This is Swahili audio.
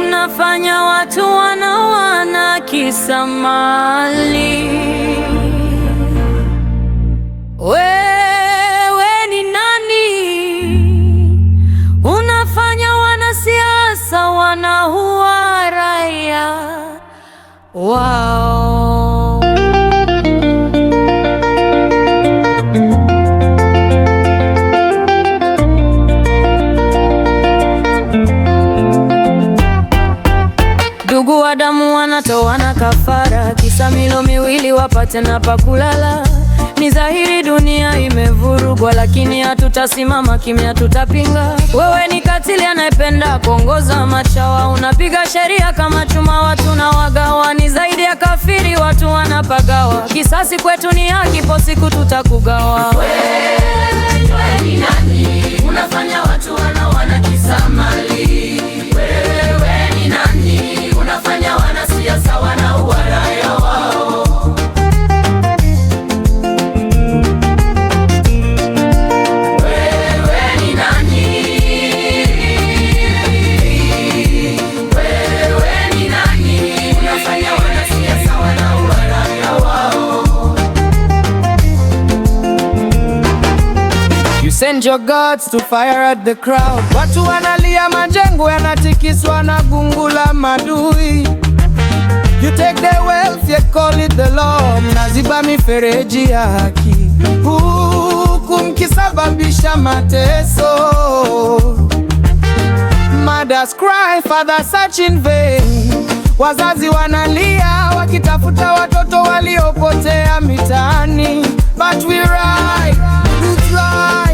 unafanya watu wanawana kisa mali. Wewe ni nani? Unafanya wanasiasa wanaua raia wao. hawana kafara, kisa milo miwili wapate na pakulala. Ni dhahiri dunia imevurugwa, lakini hatutasimama kimya, tutapinga. Wewe ni katili anayependa kuongoza machawa, unapiga sheria kama chuma, watu na wagawa. Ni zaidi ya kafiri, watu wanapagawa. Kisasi kwetu ni haki, po siku tutakugawa. Send your gods to fire at the crowd. Watu wanalia, majengo yanatikiswa na gungu la madui. You take the wealth, you call it the law. Mnaziba mifereji ya haki, huku mkisababisha mateso. Mothers cry, fathers search in vain. Wazazi wanalia wakitafuta watoto waliopotea mitaani. But we ride, we fly.